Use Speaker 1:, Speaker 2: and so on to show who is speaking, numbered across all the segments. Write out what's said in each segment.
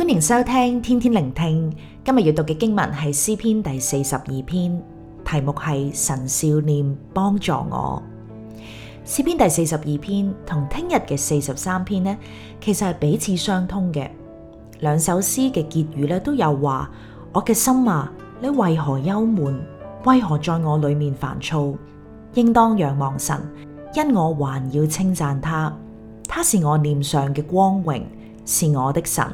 Speaker 1: 歡迎收聽，天天靈聽。今日要讀嘅經文係詩篇第四十二篇，題目係神笑臉幫助我。詩篇第四十二篇同聽日嘅四十三篇呢，其實係彼此相通嘅。兩首詩嘅結語咧，都有話我嘅心啊，你為何憂悶？為何在我裏面煩躁？應當仰望神，因我還要稱讚他，他是我臉上嘅光榮，是我的神。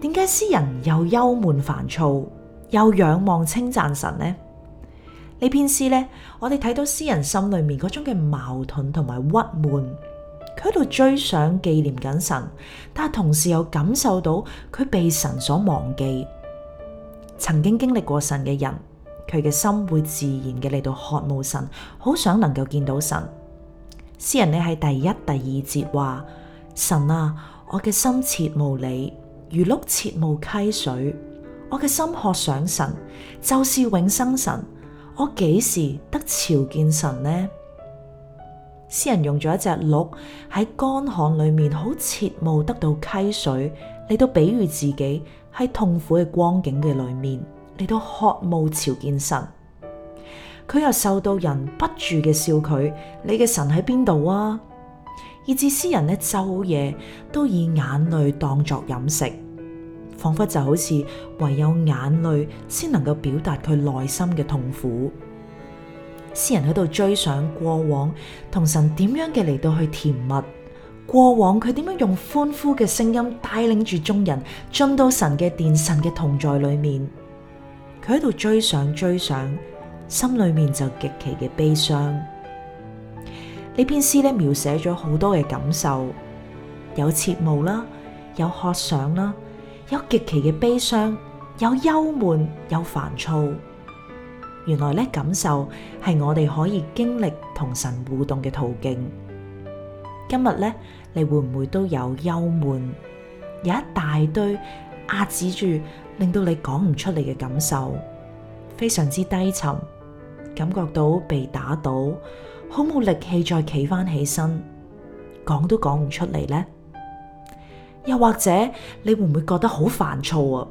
Speaker 1: 點解詩人又憂悶煩躁，又仰望稱讚神呢？呢篇詩呢，我哋睇到詩人心裏面嗰種嘅矛盾同埋鬱悶，佢喺度追想紀念緊神，但同時又感受到佢被神所忘記。曾經經歷過神嘅人，佢嘅心會自然嘅嚟到渴慕神，好想能夠見到神。詩人，你喺第一、第二節話，神啊，我嘅心切慕你。如鹿切慕溪水，我嘅心渴想神，就是永生神。我幾時得朝見神呢？詩人用咗一隻鹿喺乾旱裏面，好切慕得到溪水，嚟到比喻自己喺痛苦嘅光景嘅裏面，嚟到渴慕朝見神。佢又受到人不住嘅笑佢，你嘅神喺邊度啊？以至詩人呢，晝夜都以眼淚當作飲食，仿佛就好似唯有眼淚先能夠表達佢內心嘅痛苦。詩人喺度追想過往同神點樣嘅嚟到去甜蜜，過往佢點樣用歡呼嘅聲音帶領住眾人進到神嘅殿、神嘅同在裏面。佢喺度追想、追想，心裏面就極其嘅悲傷。呢篇詩咧描寫咗好多嘅感受，有切慕啦，有渴想啦，有極其嘅悲傷，有憂悶，有煩躁。原來咧感受係我哋可以經歷同神互動嘅途徑。今日咧你會唔會都有憂悶，有一大堆壓止住，令到你講唔出嚟嘅感受，非常之低沉，感覺到被打倒。好冇力氣再企翻起身，講都講唔出嚟呢？又或者你會唔會覺得好煩躁啊？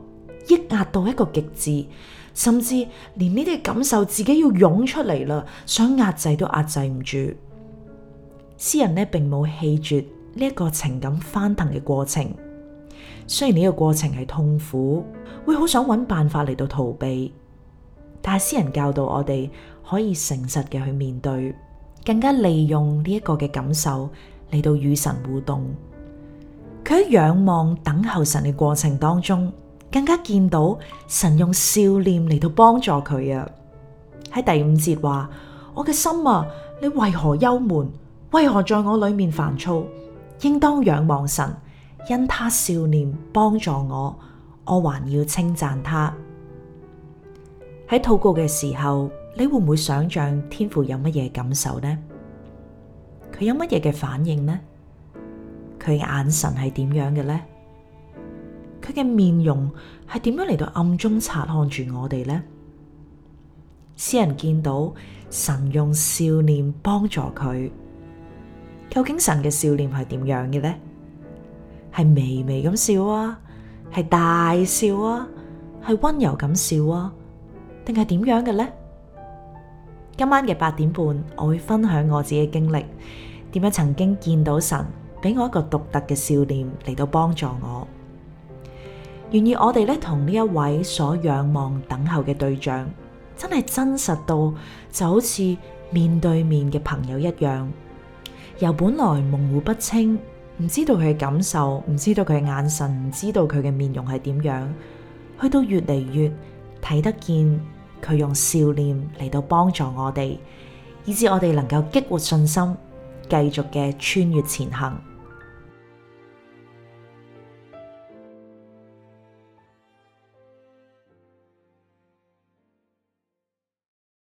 Speaker 1: 抑壓到一個極致，甚至連呢啲感受自己要湧出嚟啦，想壓制都壓制唔住。詩人呢並冇棄絕呢一個情感翻騰嘅過程，雖然呢個過程係痛苦，會好想揾辦法嚟到逃避，但係詩人教導我哋可以誠實嘅去面對。更加利用呢一個嘅感受嚟到與神互動，佢喺仰望等候神嘅過程當中，更加見到神用笑臉嚟到幫助佢啊！喺第五節話：我嘅心啊，你為何憂悶？為何在我裏面煩躁？應當仰望神，因他笑臉幫助我，我還要稱讚他。喺禱告嘅時候。你會唔會想象天父有乜嘢感受呢？佢有乜嘢嘅反應呢？佢眼神係點樣嘅呢？佢嘅面容係點樣嚟到暗中察看住我哋呢？詩人見到神用笑臉幫助佢，究竟神嘅笑臉係點樣嘅呢？係微微咁笑啊，係大笑啊，係溫柔咁笑啊，定係點樣嘅呢？今晚嘅八點半，我會分享我自己嘅經歷，點樣曾經見到神，俾我一個獨特嘅笑臉嚟到幫助我。願意我哋呢同呢一位所仰望等候嘅對象，真係真實到就好似面對面嘅朋友一樣，由本來模糊不清，唔知道佢嘅感受，唔知道佢嘅眼神，唔知道佢嘅面容係點樣，去到越嚟越睇得見。佢用笑臉嚟到幫助我哋，以致我哋能夠激活信心，繼續嘅穿越前行。